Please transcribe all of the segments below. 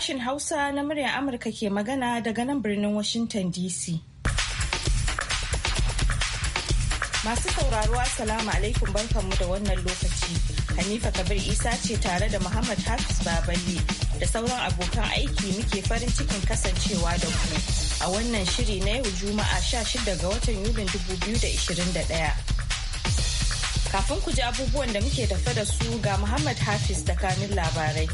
sashen Hausa na muryar Amurka ke magana daga nan birnin Washington DC. Masu sauraro Assalamu alaikum barkanmu da wannan lokaci. Hanifa Kabir Isa ce tare da Muhammad Hafiz Baballe da sauran abokan aiki muke farin cikin kasancewa da ku a wannan shiri na yau Juma'a 16 ga watan Yulin 2021. Kafin ku ji abubuwan da muke tafe da su ga Muhammad Hafiz da kanin labarai.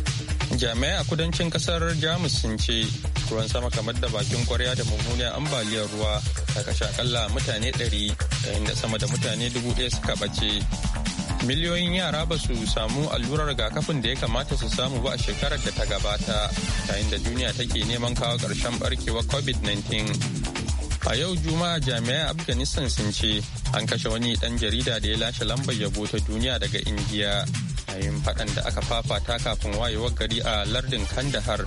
jami'ai a kudancin kasar jamus sun ce ruwan sama kamar da bakin kwarya da mummunan ambaliyar ruwa ta kashe akalla mutane 100 yayin da sama da mutane 1000 suka bace miliyoyin yara ba su samu allurar rigakafin da ya kamata su samu ba a shekarar da ta gabata yayin da duniya take neman kawo ƙarshen barkewar covid-19 a yau juma'a jami'ai afghanistan sun ce an kashe wani ɗan jarida da ya lashe lambar yabo ta duniya daga indiya yayin faɗan da aka fafata kafin wayewar gari a lardin kandahar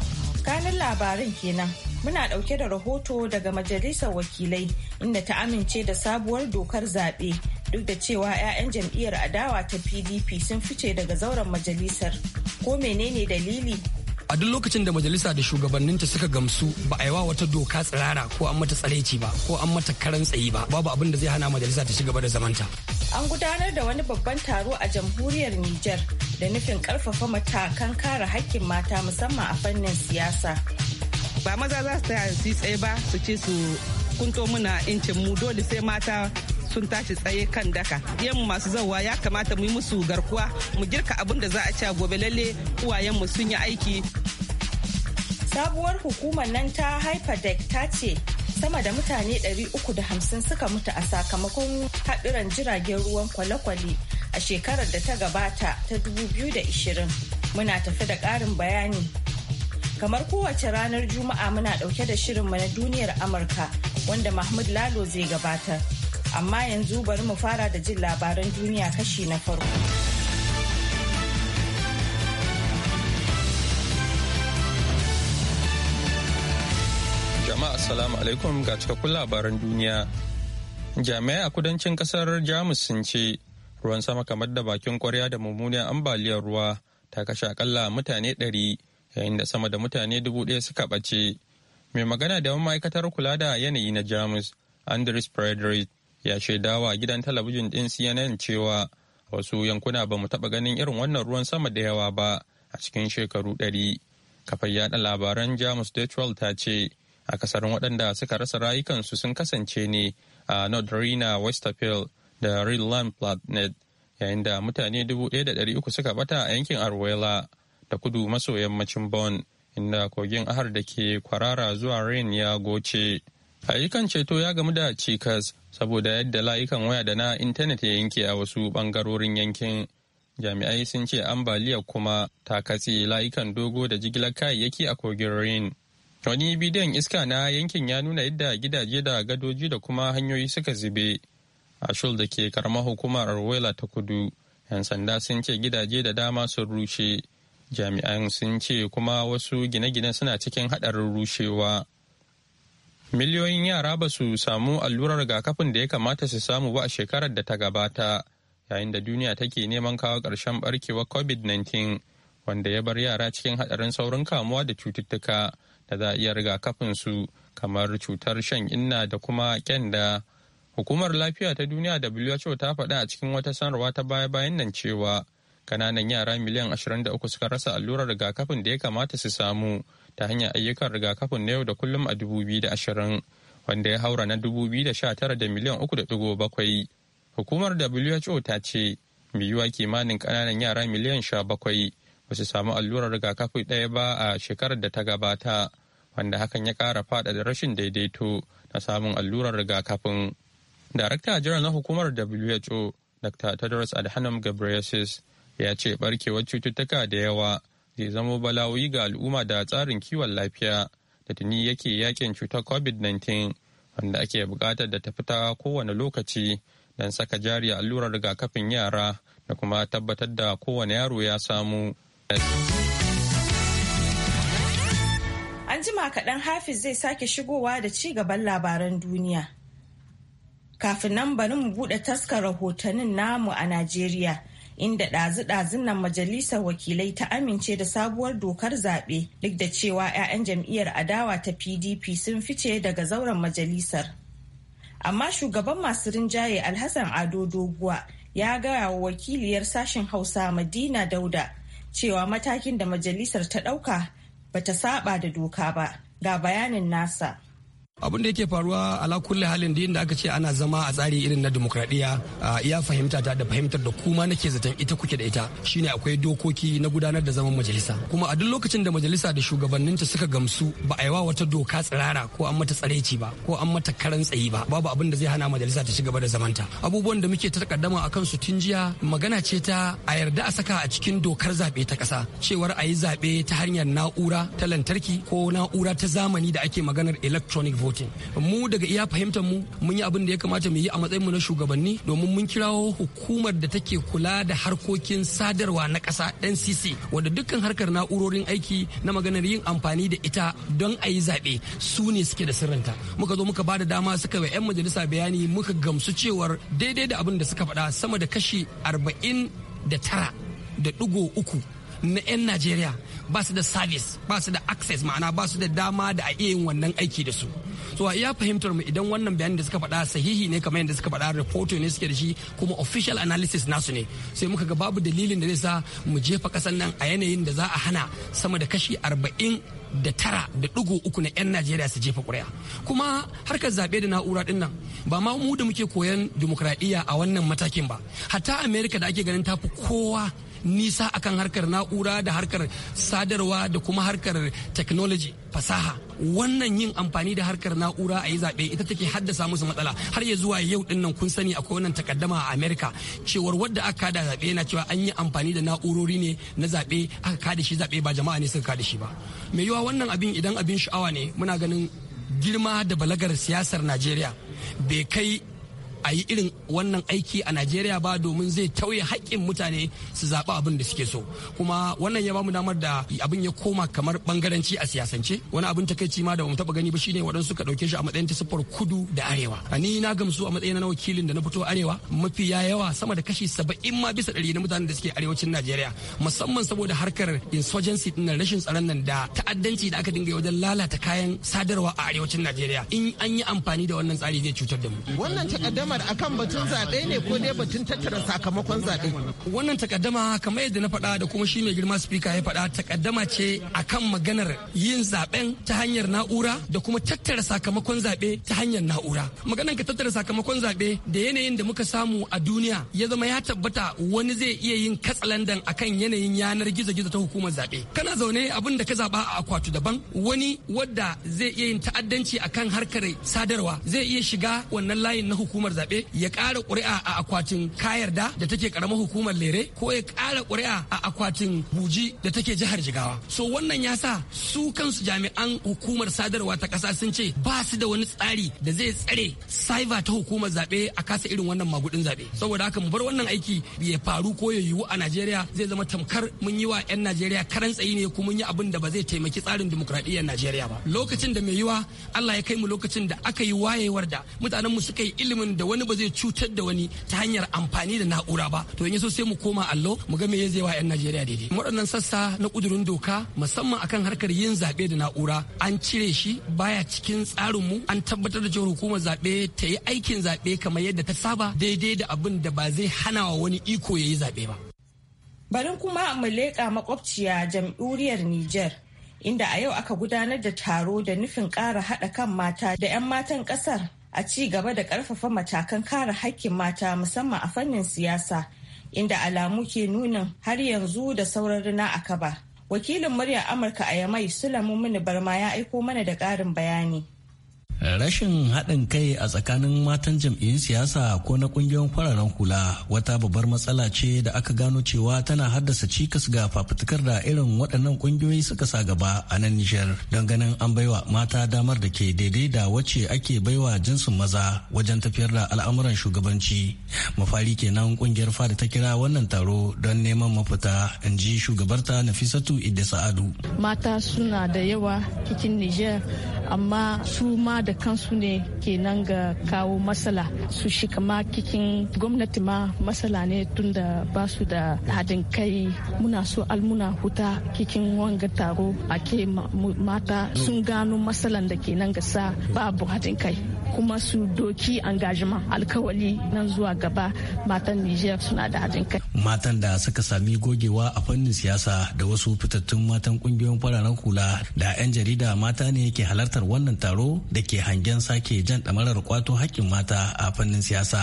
kanin labarin kenan muna ɗauke da rahoto daga majalisar wakilai inda ta amince da sabuwar dokar zaɓe duk da cewa 'ya'yan jam'iyyar adawa ta pdp sun fice daga zauren majalisar ko menene dalili a duk lokacin da majalisa da shugabanninta suka gamsu ba a yi wa wata doka tsirara ko an mata tsareci ba ko an mata karan tsayi ba babu abin da zai hana majalisa ta ci gaba da zamanta an gudanar da wani babban taro a jamhuriyar Nijar da nufin karfafa matakan kare hakkin mata musamman a fannin siyasa. Ba maza za su taya su tsaye ba su ce su kunto muna incin mu dole sai mata sun tashi tsaye kan daka. Yan masu zauwa ya kamata mu yi musu garkuwa mu girka abin da za a ci gobe lalle mu sun yi aiki. Sabuwar hukumar nan ta Hyperdeck ta ce sama da mutane 350 suka mutu a sakamakon haɗuran jiragen ruwan kwale-kwale a shekarar da ta gabata ta 2020 muna tafi da ƙarin bayani kamar kowace ranar juma'a muna ɗauke da shirinmu na duniyar amurka wanda mahmud lalo zai gabatar amma yanzu bari mu fara da jin labaran duniya kashi na farko Assalamu alaikum ga cikakkun labaran duniya. Jami'ai a kudancin kasar Jamus sun ce ruwan sama kamar da bakin kwarya da mummunan ambaliyar ruwa ta kashe akalla mutane ɗari yayin da sama da mutane dubu ɗaya suka ɓace. Mai magana da ma'aikatar kula da yanayi na Jamus, Andris Frederick, ya shaidawa gidan talabijin ɗin CNN cewa wasu yankuna ba mu taɓa ganin irin wannan ruwan sama da yawa ba a cikin shekaru ɗari. Kafar yaɗa labaran Jamus Detroit ta ce akasarin waɗanda suka rasa rayukansu sun kasance ne a nodrina westerfield da Rhineland Platnet yayin da mutane 1,300 suka bata a yankin Arwela da kudu maso yammacin Bon inda kogin ahar da ke kwarara zuwa Rhine ya goce. Ayyukan ceto ya gamu da cikas saboda yadda layukan waya da na intanet ya yanke a wasu bangarorin yankin. Jami'ai sun ce ambaliya kuma ta katse layukan dogo da jigilar kayayyaki a kogin Rhine. Wani bidiyon iska na yankin ya nuna yadda gidaje da gadoji da kuma hanyoyi suka zube. A Shul da ke karamar hukumar Arwela ta kudu, 'yan sanda sun ce gidaje da dama sun rushe. Jami'an sun ce kuma wasu gine-gine suna cikin haɗarin rushewa. Miliyoyin yara ba su samu allurar rigakafin da ya kamata su samu ba a shekarar da ta gabata, yayin da duniya take neman kawo ƙarshen barkewar COVID-19, wanda ya bar yara cikin haɗarin saurin kamuwa da cututtuka. da za a iya rigakafin su kamar cutar shan inna da kuma kyanda. Hukumar Lafiya ta Duniya WHO ta faɗa a cikin wata sanarwa ta baya-bayan nan cewa kananan yara miliyan 23 suka rasa allurar rigakafin da ya kamata su samu ta hanyar ayyukan rigakafin na yau da kullum a 2020 wanda ya haura na 2019 da miliyan 3.7. Hukumar WHO ta ce biyuwa kimanin kananan yara miliyan 17 ba su samu allurar rigakafi ɗaya ba a shekarar da ta gabata. wanda hakan ya kara ƙara da rashin daidaito na samun allurar rigakafin. Darakta jiran na hukumar WHO, Dr. Tedros Adhanom Ghebreyesus, ya ce barkewar cututtuka da yawa zai zamo bala'o'i ga al'umma da tsarin kiwon lafiya da tuni yake yakin cutar COVID-19 wanda ake bukatar da ta fita kowane lokaci don saka jari allurar rigakafin yara da kuma tabbatar da kowane yaro ya samu. An jima kaɗan Hafiz zai sake shigowa da ci gaban labaran duniya. Kafin nan bari mu buɗe taskar rahotannin namu a Najeriya. inda ɗazu-ɗazun nan majalisar wakilai ta amince da sabuwar dokar zaɓe duk da cewa 'ya'yan jam'iyyar adawa ta pdp sun fice daga zauren majalisar amma shugaban masu rinjaye alhassan ado doguwa ya gaya wa wakiliyar sashen hausa madina dauda cewa matakin da majalisar ta ɗauka bata saba da doka ba ga bayanin nasa abin da yake faruwa ala kulle halin da aka ce ana zama a tsari irin na demokradiyya iya fahimta ta da fahimtar da kuma nake zaton ita kuke da ita shine akwai dokoki na gudanar da zaman majalisa kuma a duk lokacin da majalisa da shugabanninta suka gamsu ba a yi wa wata doka tsirara ko an mata tsareci ba ko an mata karan tsayi ba babu abin da zai hana majalisa ta ci gaba da zamanta abubuwan da muke ta takaddama akan su tun jiya magana ce ta a yarda a saka a cikin dokar zaɓe ta ƙasa cewar a yi zaɓe ta hanyar na'ura ta lantarki ko na'ura ta zamani da ake maganar electronic vote voting mu daga iya fahimtar mu mun yi abin da ya kamata mu yi a matsayin mu na shugabanni domin mun kirawo hukumar da take kula da harkokin sadarwa na ƙasa NCC wanda dukkan harkar na'urorin aiki na maganar yin amfani da ita don a yi zaɓe su ne suke da sirrinta muka zo muka ba da dama suka wa 'yan majalisa bayani muka gamsu cewar daidai da abin da suka faɗa sama da kashi arba'in da tara da ɗigo uku na 'yan najeriya ba su da service ba su da access ma'ana ba su da dama da a iya yin wannan aiki da su so a iya fahimtar mu idan wannan bayanin da suka faɗa sahihi ne kamar yadda suka faɗa report ne suke da shi kuma official analysis nasu ne sai muka ga babu dalilin da zai sa mu jefa ƙasar nan a yanayin da za a hana sama da kashi arba'in da tara da ɗigo uku na 'yan najeriya su jefa ƙuri'a kuma harkar zaɓe da na'ura ɗin nan ba ma mu da muke koyan dimokuraɗiyya a wannan matakin ba hatta Amerika da ake ganin ta fi kowa nisa akan harkar na'ura da harkar sadarwa da kuma harkar technology fasaha wannan yin amfani da harkar na'ura a yi zaɓe ita take haddasa musu matsala har ya zuwa yau din nan kun sani akwai wannan takaddama a america cewar wadda aka kada zaɓe yana cewa an yi amfani da na'urori ne na zaɓe aka kada shi zaɓe ba jama'a ne suka kada shi ba mai yiwa wannan abin idan abin sha'awa ne muna ganin girma da balagar siyasar najeriya bai kai a yi irin wannan aiki a najeriya ba domin zai tauye haƙƙin mutane su zaɓi abin da suke so kuma wannan ya bamu damar da abin ya koma kamar bangaranci a siyasance wani abin takaici ma da bamu taɓa gani ba shine waɗansu suka ɗauke shi a matsayin tasifar kudu da arewa a ni na gamsu a matsayin na wakilin da na fito arewa mafi ya yawa sama da kashi saba'in ma bisa ɗari na mutanen da suke arewacin najeriya musamman saboda harkar insurgency ɗin rashin tsaron nan da ta'addanci da aka dinga wajen lalata kayan sadarwa a arewacin najeriya in an yi amfani da wannan tsari zai cutar da mu wannan takaddama takaddamar akan batun zaɓe ne ko dai batun tattara sakamakon zaɓe. Wannan takaddama kamar yadda na faɗa da kuma shi mai girma spika ya faɗa takaddama ce akan maganar yin zaɓen ta hanyar na'ura da kuma tattara sakamakon zaɓe ta hanyar na'ura. Maganar ka tattara sakamakon zaɓe da yanayin da muka samu a duniya ya zama ya tabbata wani zai iya yin katsalandan akan yanayin yanar gizo-gizo ta hukumar zaɓe. Kana zaune abin da ka zaɓa a akwatu daban wani wadda zai iya yin ta'addanci akan harkar sadarwa zai iya shiga wannan layin na hukumar zaɓe ya ƙara ƙuri'a a akwatin kayarda da take ƙaramar hukumar lere ko ya ƙara ƙuri'a a akwatin buji da take jihar jigawa so wannan ya sa su kansu jami'an hukumar sadarwa ta ƙasa sun ce ba su da wani tsari da zai tsare saiba ta hukumar zaɓe a kasa irin wannan magudin zaɓe saboda haka mu bar wannan aiki ya faru ko ya yiwu a najeriya zai zama tamkar mun yi wa 'yan najeriya karan tsayi ne kuma mun yi abin da ba zai taimaki tsarin dimokuraɗiyyar najeriya ba lokacin da mai yiwa allah ya kai mu lokacin da aka yi wayewar da mutanen suka yi ilimin da wani ba zai cutar da wani ta hanyar amfani da na'ura ba to in sai mu koma allo mu ga me ya zai wa 'yan najeriya daidai waɗannan sassa na kudurin doka musamman akan harkar yin zaɓe da na'ura an cire shi baya cikin tsarin mu an tabbatar da cewa hukumar zaɓe ta yi aikin zaɓe kamar yadda ta saba daidai da abin da ba zai hana wa wani iko ya yi zaɓe ba. Bari kuma mu leƙa makwabciya jam'uriyar Nijar. Inda a yau aka gudanar da taro da nufin ƙara haɗa kan mata da 'yan matan ƙasar a ci gaba da ƙarfafa matakan kare haƙƙin mata musamman a fannin siyasa inda alamu ke nunin har yanzu da sauran rina a kaba. Wakilin muryar Amurka a Yamai Sulamu Mini Barma ya aiko mana da ƙarin bayani. Rashin haɗin kai a tsakanin matan jam'iyyun siyasa ko na ƙungiyoyin fararen hula wata babbar matsala ce da aka gano cewa tana haddasa cikas ga fafutukar da irin waɗannan ƙungiyoyi suka sa gaba a nan Nijar don ganin an baiwa mata damar da ke daidai da wacce ake baiwa jinsin maza wajen tafiyar da al'amuran shugabanci. Mafari kenan ƙungiyar fada ta kira wannan taro don neman mafita in ji shugabarta Nafisatu Idda Sa'adu. Mata suna da yawa cikin Nijar amma su ma da kansu ne kenan ga kawo matsala su shi kama kikin gwamnati ma matsala ne tun da ba su da hadin kai muna so almuna huta kikin wanga taro ake mata sun gano matsalan da kenan ga sa babu hadin kai kuma su doki engagement alkawali nan zuwa gaba matan Nijar suna da hajin kai. Matan da suka sami gogewa a fannin siyasa da wasu fitattun matan kungiyoyin fararen kula da 'yan jarida mata ne ke halartar wannan taro da ke hangen sake jan ɗamarar kwato haƙƙin mata a fannin siyasa.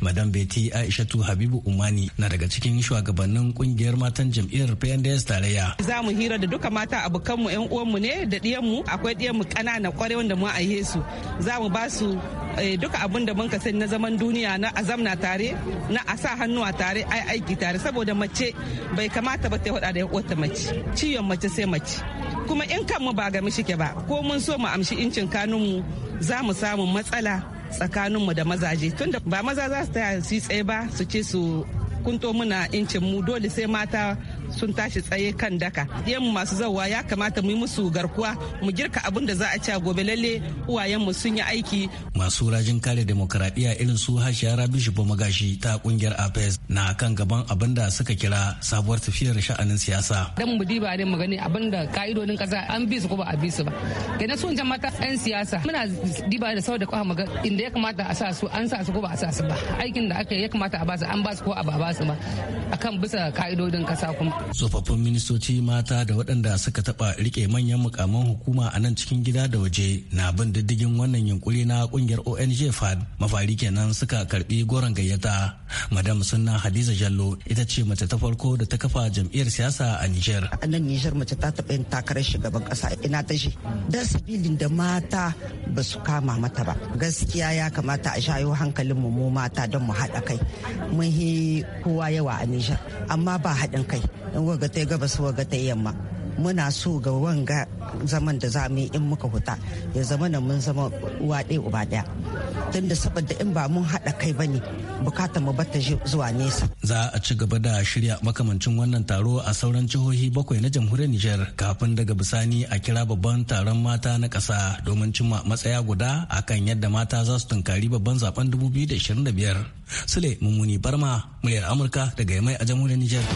madam beti aishatu habibu umani na daga cikin shugabannin kungiyar matan jam'iyyar pnds tarayya za mu hira da duka mata abokanmu yan uwanmu ne da diyanmu akwai diyanmu ƙanana kwarai wanda mu a su za mu ba su eh, duka abin da muka sani na zaman duniya na azamna tare na a sa hannu tare ai aiki tare saboda mace bai kamata ba ta hada da wata mace ciyon mace sai mace kuma in kanmu ba ga mishike ba ko mun so mu amshi incin kanunmu za mu samu matsala tsakanin mu da mazaje tunda ba maza za su taya su tsaye ba su ce su kunto muna incin mu dole sai mata sun tashi tsaye kan daka yan masu zawa ya kamata mu yi musu garkuwa mu girka abin da za a ci gobe lalle uwayen mu sun yi aiki masu rajin kare demokradiyya irin su hashiya rabi shibo magashi ta kungiyar apes na kan gaban abin da suka kira sabuwar tafiyar sha'anin siyasa dan mu diba ne mu gani abin da ka'idodin kasa an bi su ko ba a bi su ba kenan sun jama'a yan siyasa muna diba da sau da kwa maga inda ya kamata a sa su an sa su ko ba a sa su ba aikin da aka ya kamata a ba su an ba su ko a ba su ba akan bisa ka'idodin kasa kuma tsofaffin ministoci mata da waɗanda suka taɓa rike manyan mukaman hukuma a nan cikin gida da waje na bin diddigin wannan yunkuri na kungiyar ong fad mafari kenan suka karbi goron gayyata madam sunna hadiza jallo ita ce mace ta farko da ta kafa jam'iyyar siyasa a niger a nan niger mace ta taɓa yin takarar shugaban ƙasa ina ta shi dan sabilin da mata ba su kama mata ba gaskiya ya kamata a shayo hankalin mu mu mata don mu haɗa kai mun kowa yawa a niger amma ba haɗin kai in waga ta gabas ga ta yamma muna so ga wanga zaman da za mu in muka huta ya zama na mun zama uwa ɗaya uba ɗaya tun da saboda in ba mun haɗa kai ba ne bukatar mu bata zuwa nesa. za a ci gaba da shirya makamancin wannan taro a sauran jihohi bakwai na jamhuriyar nijar kafin daga bisani a kira babban taron mata na ƙasa domin cimma matsaya guda akan yadda mata za su tunkari babban zaben 2025 sule mummuni barma muryar amurka daga yamai a jamhuriyar nijar.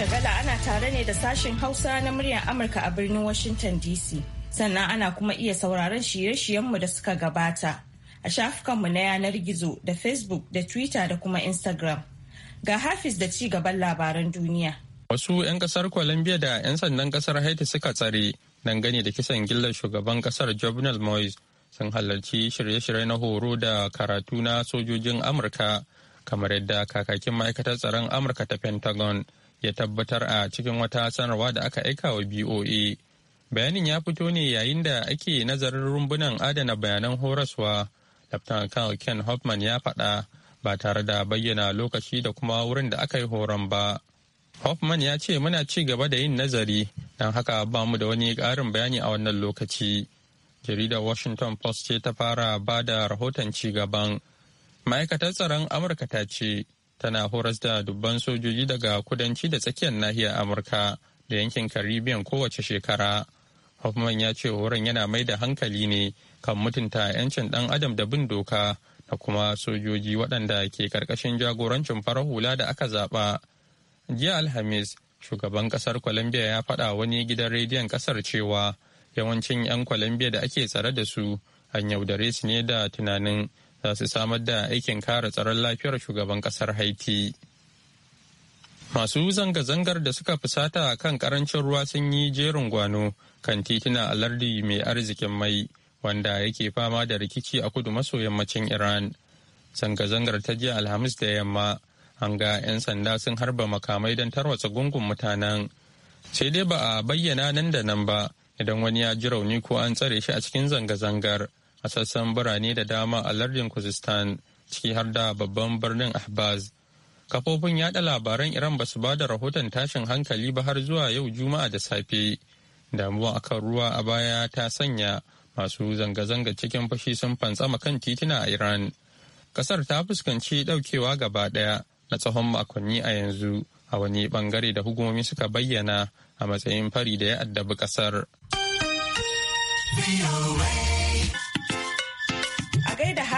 shagala ana tare ne da sashen Hausa na muryar Amurka a birnin Washington DC. Sannan ana kuma iya sauraron shirye-shiryenmu da suka gabata a shafukanmu na yanar gizo da Facebook da Twitter da kuma Instagram. Ga Hafiz da ci gaban labaran duniya. Wasu 'yan kasar Colombia da 'yan sandan kasar Haiti suka tsare dangane da kisan gillar shugaban kasar Jovenel Moise sun halarci shirye-shirye na horo da karatu na sojojin Amurka kamar yadda kakakin ma'aikatar tsaron Amurka ta Pentagon. ya tabbatar a cikin wata sanarwa da aka aika wa BOA. Bayanin ya fito ne yayin da ake nazarin rumbunan adana bayanan horaswa. Dr. Colonel Ken Hoffman ya faɗa ba tare da bayyana lokaci da kuma wurin da aka yi horon ba. Hoffman ya ce muna ci gaba da yin nazari don haka ba mu da wani ƙarin bayani a wannan lokaci. Jaridar Washington Post ce ta fara ba da rahoton ci gaban. Ma'aikatar tsaron Amurka ta ce tana horas da dubban sojoji daga kudanci da tsakiyar nahiyar amurka da yankin caribbean kowace shekara hoffman ya ce wurin yana mai da hankali ne kan mutunta 'yancin dan adam da bin doka da kuma sojoji waɗanda ke karkashin jagorancin farar hula da aka zaɓa jiya alhamis shugaban ƙasar colombia ya faɗa wani gidan rediyon ƙasar cewa yawancin 'yan colombia da ake tsare da su an yaudare su ne da tunanin za su samar da aikin kare tsaron lafiyar shugaban kasar haiti masu zanga-zangar da suka fusata kan karancin ruwa sun yi jerin gwano kan titina alardi mai arzikin mai wanda yake fama da rikici a kudu maso yammacin iran zanga-zangar ta jiya alhamis da yamma an ga 'yan sanda sun harba makamai don tarwatsa gungun mutanen sai dai ba a bayyana nan da nan ba idan wani ya ji rauni ko an tsare shi a cikin zanga-zangar a sassan birane da dama a lardin kuzistan ciki har da babban birnin ahbaz kafofin yada labaran iran ba su ba da rahoton tashin hankali ba har zuwa yau juma'a da safe damuwa akan ruwa a baya ta sanya masu zanga-zanga cikin fashi sun fantsama kan titina a iran kasar ta fuskanci daukewa gaba daya na tsawon makonni a yanzu a wani bangare da hukumomi suka bayyana a matsayin fari da ya addabi kasar.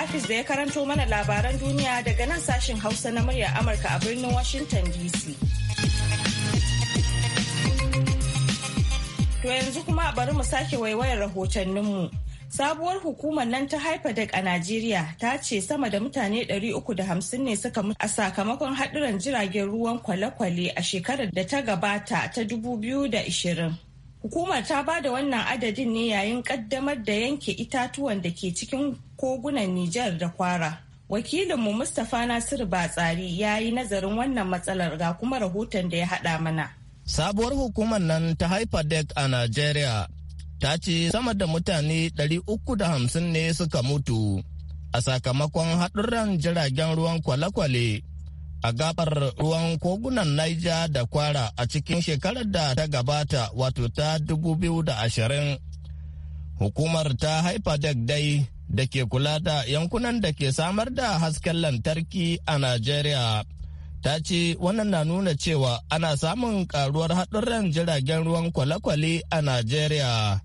Hafiz da ya karanto mana labaran duniya daga nan sashen Hausa na muryar Amurka a birnin Washington DC. To yanzu kuma bari mu sake waiwayar rahotanninmu. Sabuwar hukumar nan ta haifa da a Najeriya ta ce sama da mutane 350 ne suka mutu a sakamakon haɗuran jiragen ruwan kwale-kwale a shekarar da ta gabata ta 2020. Hukumar ta ba da wannan adadin ne yayin kaddamar da yanke itatuwan da ke cikin kogunan Nijar da kwara. Wakilinmu Mustapha Nasiru Batsari ya yi nazarin wannan matsalar ga kuma rahoton da ya haɗa mana. Sabuwar hukumar nan ta Hyperdeck a Najeriya ta ce sama da mutane 350 ne suka mutu a sakamakon haɗurran jiragen ruwan kwale-kwale a gabar ruwan kogunan Niger da Kwara a cikin shekarar da ta gabata wato ta ashirin, Hukumar ta haifa dai da ke kula da yankunan da ke samar da hasken lantarki a Najeriya. Ta ce wannan na nuna cewa ana samun karuwar haɗurran jiragen ruwan kwale-kwale a Najeriya.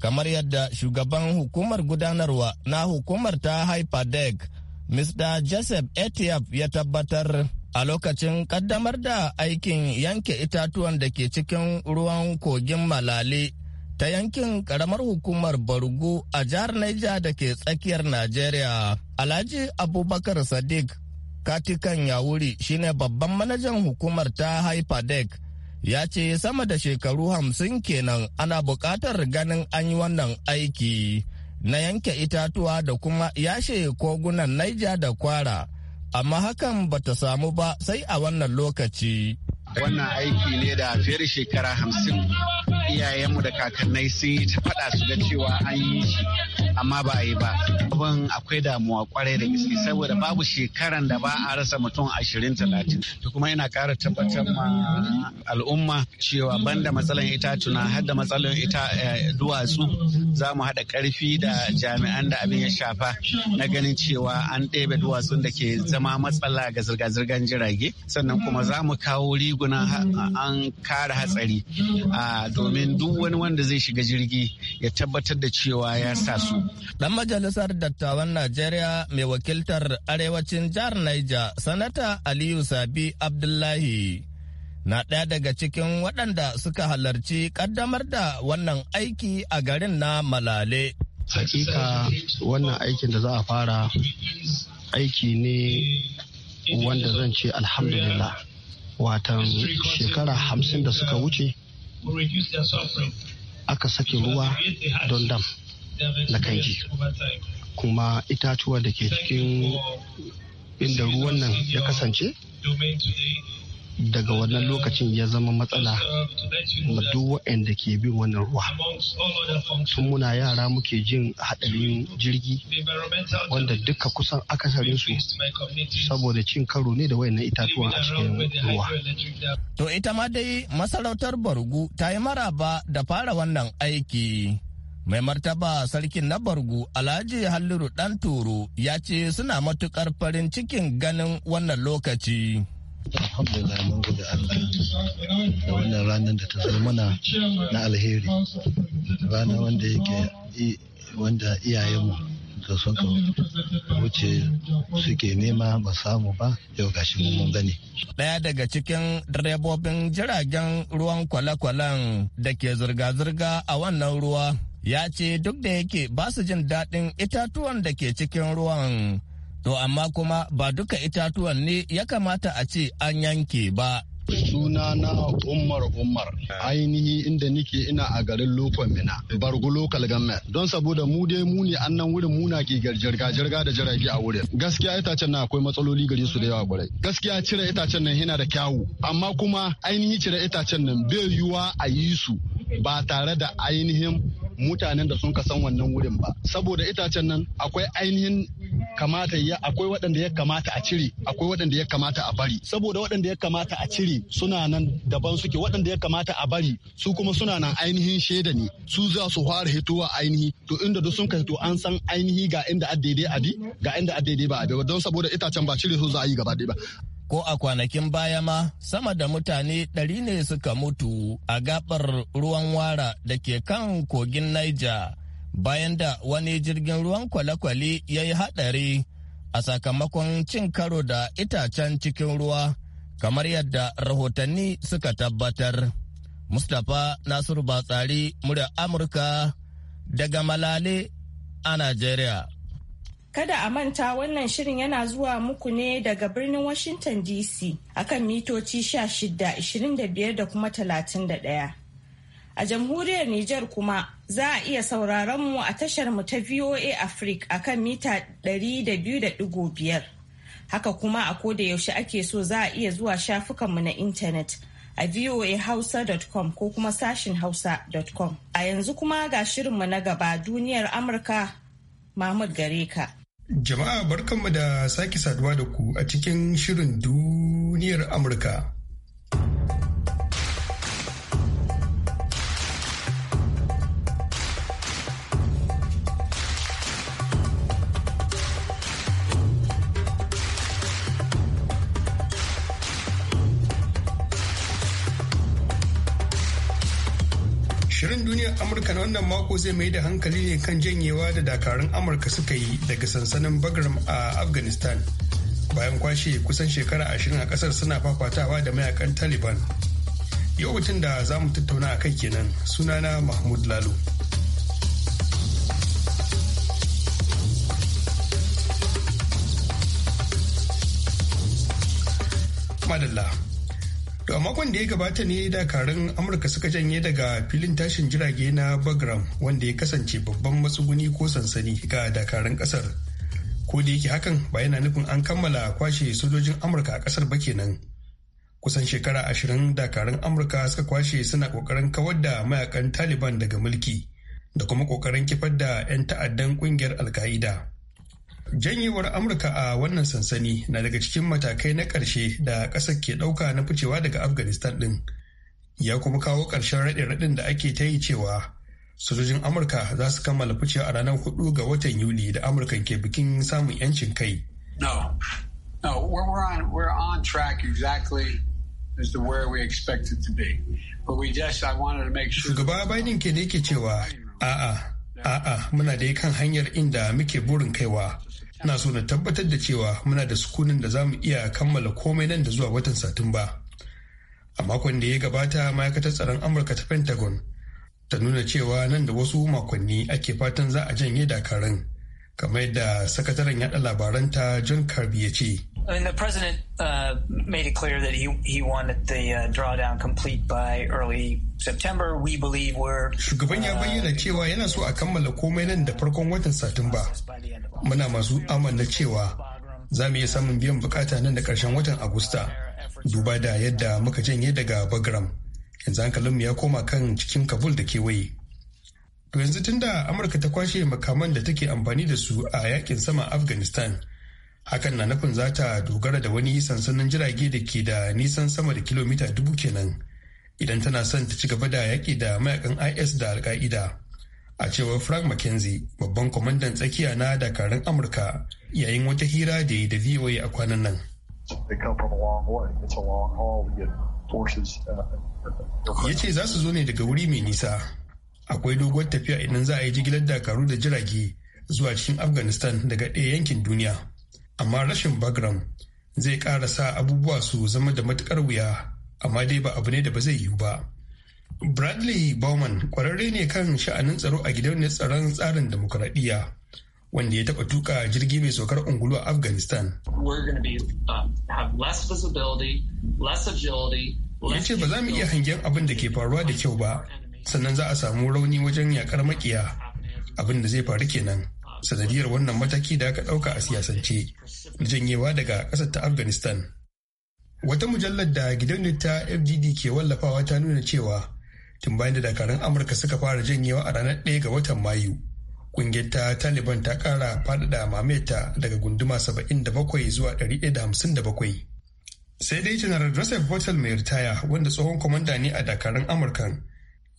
Kamar yadda shugaban hukumar gudanarwa na hukumar ta haifa Mr. Joseph etiaf ya tabbatar. a lokacin kaddamar da aikin yanke itatuwan da ke cikin ruwan kogin malale ta yankin karamar hukumar Bargu a jihar Niger da ke tsakiyar Najeriya. Alhaji Abubakar Sadiq Katikan Yawuri shine babban manajan hukumar ta Hyperdeck ya ce sama da shekaru hamsin kenan ana buƙatar ganin an yi wannan aiki na yanke itatuwa da kuma yashe kogunan Niger da Kwara amma hakan ba ta samu ba sai a wannan lokaci. Wannan aiki ne da fiye da shekara hamsin iyayenmu da kakannai sun yi ta faɗa su ga cewa an yi shi amma ba a yi ba abin akwai damuwa kwarai da gaske saboda babu shekaran da ba a rasa mutum ashirin talatin da kuma yana kara tabbatar ma al'umma cewa banda matsalan tuna har da matsalan ita eh, duwatsu za mu haɗa ƙarfi da jami'an da abin ya shafa na ganin cewa an ɗebe duwatsun da ke zama matsala ga zirga-zirgar jirage sannan kuma za mu kawo riguna an kare hatsari ah, domin duk wani wanda zai shiga jirgi ya tabbatar da cewa ya sa su Dan majalisar dattawan Najeriya mai wakiltar arewacin jihar Niger, Sanata Aliyu Sabi Abdullahi, na ɗaya daga cikin waɗanda suka halarci ƙaddamar da wannan aiki a garin na Malale. Hakika wannan aikin da za a fara aiki ne wanda zan ce alhamdulillah watan shekara hamsin da suka wuce aka sake ruwa don dam. na kaiji kuma itatuwa da ke cikin inda ruwan nan ya kasance daga wannan lokacin ya zama matsala ma duk waɗanda ke bin wannan ruwa tun muna yara muke jin haɗarin jirgi wanda duka kusan akasarinsu saboda cin karo ne da wayannan itatuwa a cikin ruwa to ita ma dai masarautar bargu ta yi maraba da fara wannan aiki mai martaba sarkin na bargu alhaji halliru dan turu ya ce suna matukar farin cikin ganin wannan lokaci alhamdulillah mun gode Allah da wannan ranar da ta zo mana na alheri rana wanda yake wanda iyayenmu da suka wuce suke nema ba samu ba yau gashi mun gani. Daya daga cikin direbobin jiragen ruwan kwale-kwalen da ke zirga-zirga a wannan ruwa ya ce duk da yake ba su jin daɗin itatuwan da ke cikin ruwan to amma kuma ba duka itatuwan ne ya kamata a ce an yanke ba Suna na Umar Umar. Ainihi inda nike ina a garin Lokon Mina, Bargu Local Government. Don saboda mu dai mu ne annan wurin muna ke jirga-jirga da jirage a wurin. Gaskiya itacen na akwai matsaloli gare su da yawa gwarai. Gaskiya cire itacen nan yana da kyawu, amma kuma ainihi cire itacen nan bai yiwuwa a yi su ba tare da ainihin mutanen da sun kasan wannan wurin ba saboda itacen nan akwai ainihin kamata ya akwai waɗanda ya kamata a cire akwai waɗanda ya kamata a bari saboda waɗanda ya kamata a cire suna nan daban suke waɗanda ya kamata a bari su kuma suna nan ainihin shaida ne su za su fara hitowa ainihi to inda duk sun ka hito an san ainihi ga inda a daidai bi ga inda a daidai ba bi don saboda itacen ba cire su za a yi gaba ba ko a kwanakin baya ma sama da mutane ɗari ne suka mutu a gabar ruwan wara da ke kan kogin Niger bayan da wani jirgin ruwan kwale-kwale ya yi haɗari a sakamakon cin karo da itacen cikin ruwa kamar yadda rahotanni suka tabbatar. Mustapha Nasiru Batsari murya Amurka daga Malale a Najeriya. Kada a manta wannan shirin yana zuwa muku ne daga birnin Washington DC akan mitoci 16, 25 da kuma 31. A jamhuriyar Nijar kuma za a iya sauraron mu a tashar mu ta VOA Africa akan mita 200.5. Haka kuma a koda yaushe ake so za a iya zuwa shafukanmu na intanet a voahausa.com ko kuma sashin hausa.com. A yanzu kuma ga shirinmu na gaba duniyar Amurka Mahmud gare ka. Jama'a barkanmu da sake saduwa da ku a cikin shirin duniyar Amurka. muryar amurka na wannan mako zai mai da hankali ne kan janyewa da dakarun amurka suka yi daga sansanin bagram a afghanistan bayan kwashe kusan shekara ashirin a kasar suna fafatawa da mayakan taliban yau mutum da za mu tattauna a kai kenan sunana mahmud lalo madalla To a makon da ya gabata ne dakarun Amurka suka janye daga filin tashin jirage na Bagram wanda ya kasance babban matsuguni ko sansani ga dakarun kasar. Ko da yake hakan ba yana nufin an kammala kwashe sojojin Amurka a kasar ba kenan. Kusan shekara ashirin dakarun Amurka suka kwashe suna kokarin kawar da mayakan Taliban daga mulki da kuma kokarin kifar da 'yan ta'addan kungiyar al Janyewar Amurka a wannan sansani na daga cikin matakai na ƙarshe da ƙasar ke ɗauka na ficewa daga Afghanistan ɗin. Ya kuma kawo ƙarshen raɗe-raɗin da ake ta yi cewa sojojin Amurka za su kammala ficewa a ranar hudu ga watan Yuli da Amurka ke bikin samun 'yancin kai. Shugaba Biden ke da yake cewa, a'a, a'a, muna da kan hanyar inda muke burin kaiwa. na so na tabbatar da cewa muna da sukunin da za mu iya kammala komai nan da zuwa watan satumba a makon da ya gabata ma'aikatar tsaron amurka ta pentagon ta nuna cewa nan da wasu makonni ake fatan za a janye dakarun kamar yadda sakataren yada labaranta john kirby ya ce I mean, the president uh, made it clear that he he wanted the uh, drawdown complete by early September. We believe we're. Shugaban ya bayyana uh, cewa yana so a kammala komai nan da farkon watan Satumba. Muna masu amanna cewa za mu iya samun biyan bukata nan da karshen watan Agusta. Duba da yadda muka janye daga Bagram. Yanzu hankalinmu ya koma kan cikin Kabul da kewaye. To yanzu tunda Amurka ta kwashe makaman da take amfani da su a yakin sama Afghanistan. hakan na nufin za ta dogara da wani sansanin jirage da ke da nisan sama da kilomita dubu kenan idan tana son ta ci gaba da yaƙi da mayakan is da alka'ida a cewar frank mckenzie babban kwamandan tsakiya na dakarun amurka yayin wata hira da ya da voa a kwanan nan uh, ya ce za su zo ne daga wuri mai nisa akwai doguwar tafiya idan za a yi jigilar dakaru da jirage zuwa cikin afghanistan daga ɗaya yankin duniya amma rashin bagram zai ƙara sa abubuwa su zama da matuƙar wuya amma dai ba abu ne da ba zai yiwu ba. Bradley Bowman kwararre ne kan sha'anin tsaro a gidan tsaron tsarin demokuraɗiyya wanda ya taɓa tuka jirgi mai saukar ungulu a Afghanistan. Uh, ya ce ba za mu iya hangen abin da ke faruwa da kyau ba, sannan za a samu rauni wajen yakar makiya abin da zai faru kenan. sanadiyar wannan mataki da aka ɗauka a siyasance na janyewa daga ƙasar ta afghanistan wata mujallar da gidauniyar ta fdd ke wallafawa ta nuna cewa tun bayan da dakarun amurka suka fara janyewa a ranar 1 ga watan mayu kungiyar ta taliban ta kara faɗaɗa mameta daga gunduma 77 zuwa 157 sai dai janar joseph Votel mai ritaya wanda tsohon kwamanda ne a dakarun amurkan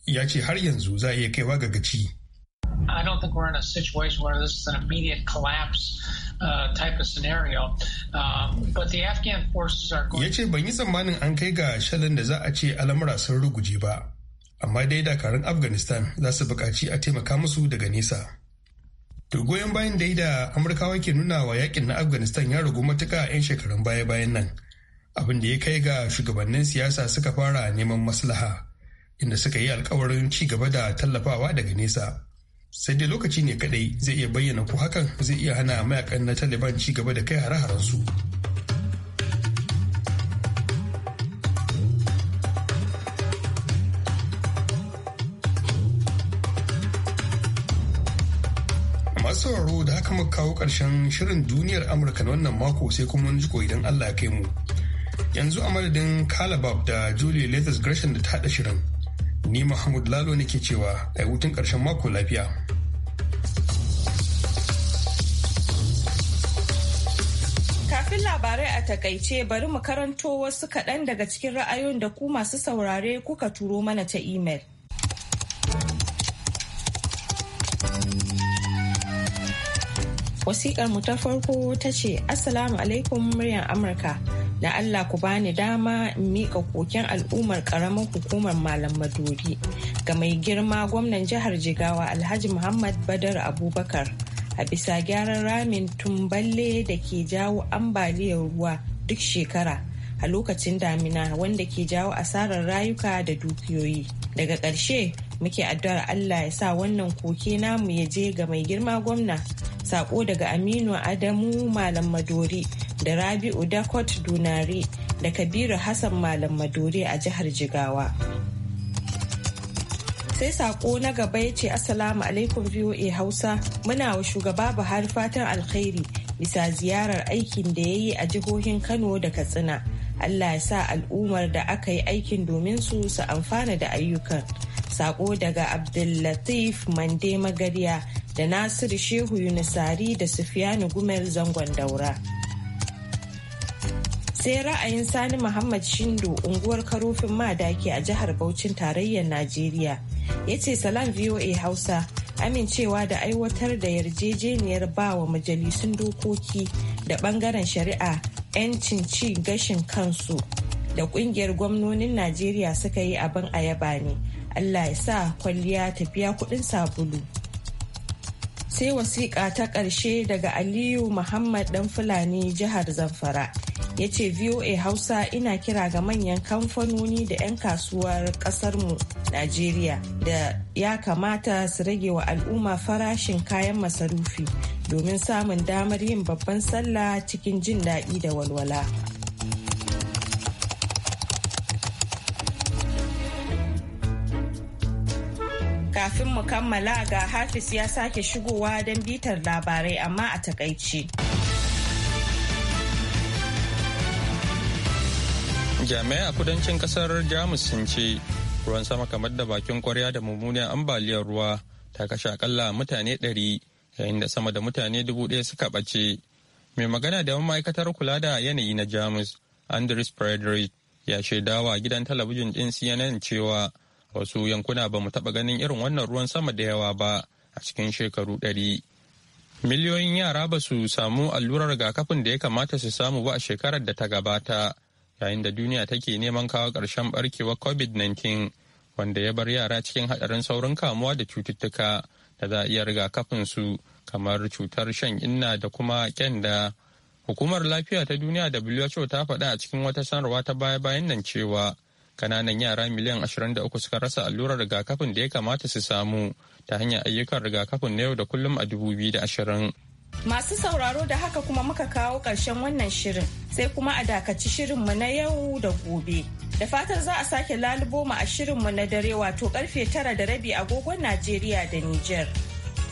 ya ce har yanzu za a iya kaiwa ga gaci I don't think we're in a situation where this is an immediate collapse uh, type of scenario. Um, but the Afghan forces are going. ce ban yi tsammanin an kai ga shalin da za a ce al'amura sun ruguje ba, amma dai dakarun Afghanistan za su buƙaci a taimaka musu daga nesa. To goyon bayan dai da Amurkawa ke nuna wa yakin na Afghanistan ya ragu matuka 'yan shekarun baya-bayan nan. Abin da ya kai ga shugabannin siyasa suka fara neman maslaha, inda suka yi alkawarin ci gaba da tallafawa daga nesa. sai dai lokaci ne kadai zai iya bayyana ko hakan zai iya hana mayakan na taliban ci gaba da kai hare su. masu sauraro da haka muka kawo ƙarshen shirin duniyar amurka na wannan mako sai kuma wani jiko idan allah ya kai mu yanzu a madadin kalabab da julie latest gresham da ta hada shirin Ni Mahmud Lalo nake cewa a hutun ƙarshen mako lafiya. Kafin labarai a takaice bari mu karanto wasu kaɗan daga cikin ra'ayoyin da ku masu saurare kuka turo mana ta imel. Wasiƙar mu ta farko ta ce, Assalamu alaikum muryar Amurka. Na Allah ku bani dama in mika koken al'ummar ƙaramin hukumar Malam Maduri ga mai girma gwamnan jihar Jigawa Alhaji Muhammad Badar Abubakar a bisa gyaran ramin tumballe da ke jawo ambaliyar ruwa duk shekara a lokacin damina wanda ke jawo asarar rayuka da dukiyoyi. Daga ƙarshe muke addu'ar Allah ya sa wannan koke namu ya je ga mai girma gwamna Sako daga Aminu Adamu Malam Madori da Rabi'u Dakot Dunare da Kabiru Hassan Malam Madori a jihar Jigawa. sai sako na gaba ya ce assalamu alaikum voa hausa muna wa shugaba buhari fatan alkhairi bisa ziyarar aikin da ya yi a jihohin kano da katsina allah ya sa al'ummar da aka yi aikin domin su su amfana da ayyukan Sako daga Abdullatif Mande Magarya da Nasiru Shehu Yunusari da Sufiyanu Gumel Zangon Daura. Sai ra'ayin Sani Muhammad Shindo unguwar Karofin Madaki a jihar Bauchin tarayyar Najeriya. Ya ce Salam VOA Hausa amincewa da aiwatar da yarjejeniyar bawa majalisun dokoki da bangaren shari'a 'yancin ci gashin kansu da kungiyar gwamnonin najeriya suka yi abin ayaba ne Allah ya sa kwalliya ta biya kuɗin sabulu. Sai wasiƙa ta ƙarshe daga Aliyu Muhammad ɗan Fulani jihar Zamfara. ya ce VOA Hausa ina kira ga manyan kamfanoni da 'yan kasuwar ƙasarmu Najeriya da ya kamata su rage wa al'umma farashin kayan masarufi domin samun damar yin babban sallah cikin jin daɗi da walwala. Kafin mu kammala ga hafis ya sake shigowa don bitar labarai amma a takaici. Jami'ai a kudancin kasar Jamus sun ce ruwan sama kamar da bakin kwarya da mummunan ambaliyar ruwa ta kashe akalla mutane ɗari yayin da sama da mutane dubu ɗaya suka bace Mai magana da ma'aikatar kula da yanayi na Jamus, Andres Frederick, ya shaidawa gidan talabijin ɗin CNN cewa wasu yankuna ba mu taɓa ganin irin wannan ruwan sama da yawa ba a cikin shekaru ɗari. Miliyoyin yara ba su samu allurar rigakafin da ya kamata su samu ba a shekarar da ta gabata, yayin da duniya take neman kawo ƙarshen barkewar COVID-19 wanda ya bar yara cikin haɗarin saurin kamuwa da cututtuka da za a iya rigakafin su kamar cutar shan inna da kuma kyanda. Hukumar lafiya ta duniya da WHO ta faɗa a cikin wata sanarwa ta baya-bayan nan cewa kananan yara miliyan 23 suka rasa allurar rigakafin da ya kamata su samu ta hanyar ayyukan rigakafin na yau da kullum a 2020. Masu sauraro da haka kuma muka kawo ƙarshen wannan shirin sai kuma a dakaci shirinmu na yau da gobe. Da fatan za a sake laluboma mu a shirinmu na dare wato karfe tara da rabi agogon Najeriya da Nijar.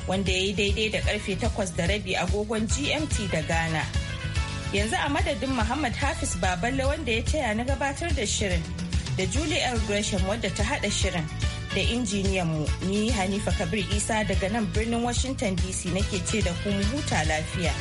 Wanda ya yi daidai da karfe takwas da rabi agogon GMT da Ghana. Yanzu a madadin Muhammad Hafiz Baballe wanda ya taya na gabatar da shirin da Julie L. Gresham wadda ta hada shirin da injiniyan mu ni Hanifa Kabir Isa daga nan birnin Washington DC nake ce da ku huta lafiya.